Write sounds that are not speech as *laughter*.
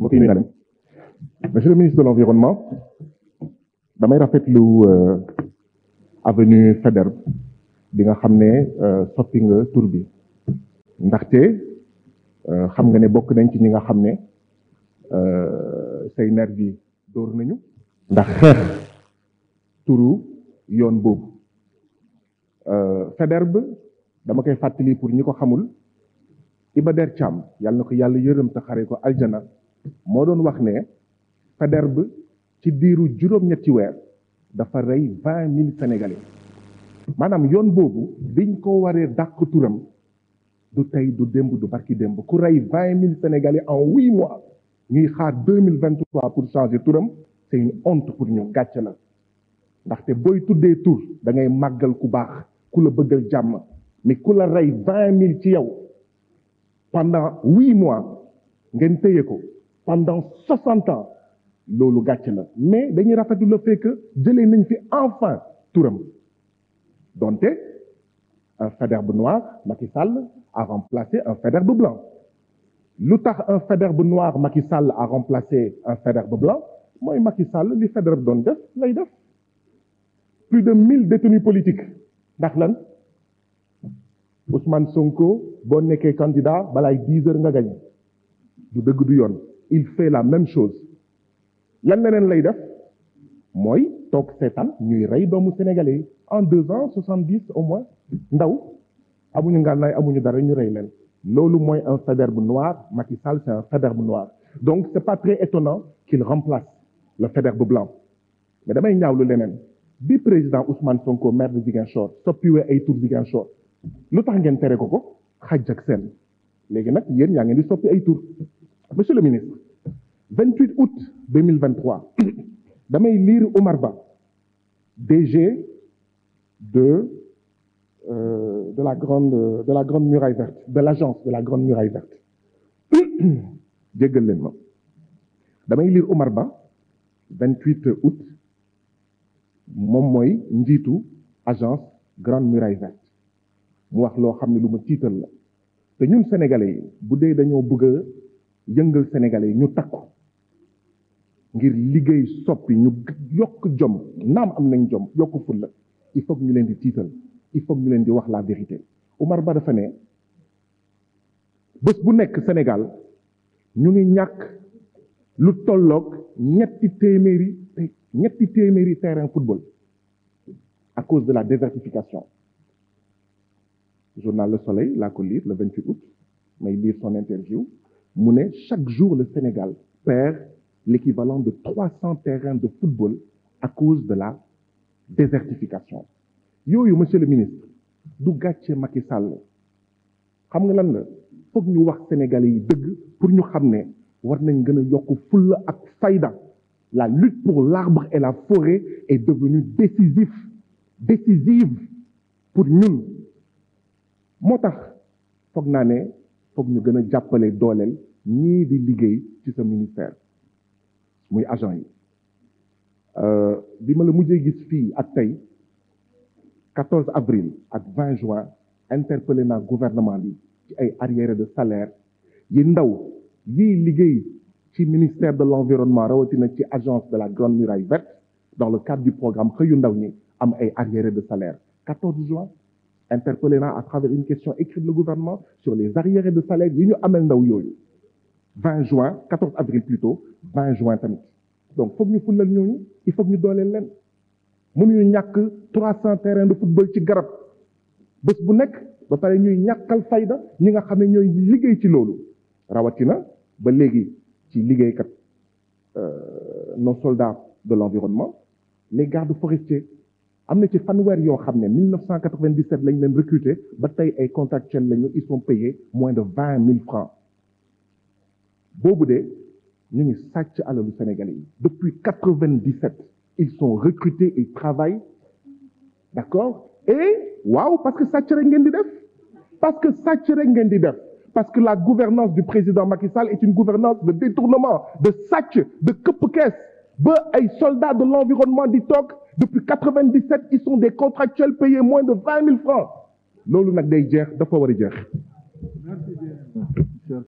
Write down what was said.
mbokk yi naa monsieur le ministre de l'environnement damay rafetlu euh, avenue Faidherbe bi nga xam ne euh, soppi nga tur bi ndaxte euh, xam nga ne bokk nañ ci ñi nga xam ne say nerf yi dóor nañu ndax xeex *laughs* turu yoon boobu Faidherbe dama koy fàttali pour ñi ko xamul Iba Der caam yàlla na ko yàlla yërëm te xare ko aljana moo doon wax ne Faidherbe ci diiru juróom-ñetti weer dafa rey vingt mille sénégalais maanaam yoon boobu biñ ko waree dàq turam du tey du demb du barki demb ku rey vingt mille sénégalais en huit mois ñuy xaar deux mille vingt trois pour changer turam c'est honte pour ñu gàcce la ndaxte booy tuddee tur dangay ngay màggal ku baax ku la bëggal jàmm ni ku la rey vingt mille ci yow pendant huit mois ngeen téye ko. pendant soixante ans loolu gàcc la mais dañuy rafetlu le fait que jëlee nañ fi enfin turam donte un Faidherbe noir Macky Sall a remplacé un Faidherbe blanc lu tax un bu noir Macky Sall a remplacé un Faidherbe blanc mooy Macky Sall li Faidherbe doon def lay def plus de mille détenus politiques ndax lan Ousmane Sonko boo nekkee candidat balaay dix heures nga gañe du dëgg du yoon il fait la même chose lan leneen lay def mooy toog seetaan ñuy rey doomu sénégalais yi en deux ans soixante dix au moins ndaw amuñu ngànnaay amuñu dara ñu rey leen loolu mooy un bu noir Macky Sall c'est un bu noir donc c'est pas très étonnant qu'il remplace le Faidherbe blanc mais damay ñaawlu leneen bi président Ousmane Sonko maire de Ziguinchor soppiwee ay tur Ziguinchor lu tax ngeen tere ko ko xaj ak seen léegi nag yéen yaa ngeen di soppi ay tur monsieur le ministre 28 août 2023 *coughs* damay lire Omar Ba DG de euh, de la grande de la grande muraille verte de l'agence de la grande muraille verte *coughs* jéggal leen ma damay lire Omar Ba 28 août moom mooy njiitu agence grande muraille verte mu wax loo xam ne lu ma tiital la te ñun sénégalais yi bu dee dañoo bëgg yëngal yi ñu takku ngir liggéey soppi ñu yokk jom naam am nañ jom yokk fulla il faut ñu leen di tiital il faut ñu leen di wax la vérité Omar Ba dafa ne bés bu nekk Sénégal ñu ngi ñàkk lu tolloog ñetti téeméeri ñetti téeméeri terrain football à cause de la désertification journal Le Soleil laa ko la le 28 août may lire son interview mu ne chaque jour le Sénégal perd l'équivalent de trois cents terrains de football à cause de la désertification yooyu monsieur le ministre du gàcce Macky Sall xam nga lan la foog ñu wax Sénégalais yi dëgg pour ñu xam ne war nañ gën a yokk fulla ak fayda la lutte pour l'arbre et la forêt est devenue décisive pour ñun moo tax foog naa ne foog ñu gën a jàppale dooleel ñii di liggéey ci sa muy agent yi euh, bi ma la mujjee gis fii ak tey 14 avril ak 20 juin interpellé na gouvernement bi ci ay arriérés de salaire yi ndaw yii liggéey ci ministère de l'environnement rawatina ci agence de la grande muraille verte dans le cadre du programme xëyu ndaw ñi am ay arriérés de salaire juin interpellé naa à travers une question écrite le gouvernement sur les arriérés de salaire yi ñu amel ndaw yooyu 20 juin 14 avril plutôt 20 juin tamit donc foog ñu fulal ñooñu il faut ñu dooleel leen mënuñu ñàkk 300 terrain de football ci garab bés bu nekk ba pare ñuy ñàkkal fayda ñi nga xam ne ñooy liggéey ci loolu rawatina ba léegi ci liggéeykat euh, nos soldats de l'environnement les gardes forestiers am na ci fanweer yoo xam ne 1997 lañ leen recruter ba tey ay contractuels lañu ils sont payés moins de vingt boobu de ñu ngi sàcc alalu Sénégalais yi depuis 97 ils sont recrutés et travaillent d'accord et waaw parce que sàcc rek ngeen di def parce que sàcc rek ngeen di def parce que la gouvernance du président Macky Sall est une gouvernance de détournement de sàcc de ba ay soldats de l'environnement di toog depuis quatre-vingt-dix-sept ils sont des contractuels payés moins de vingt mille loolu nag day jeex dafa war a jeex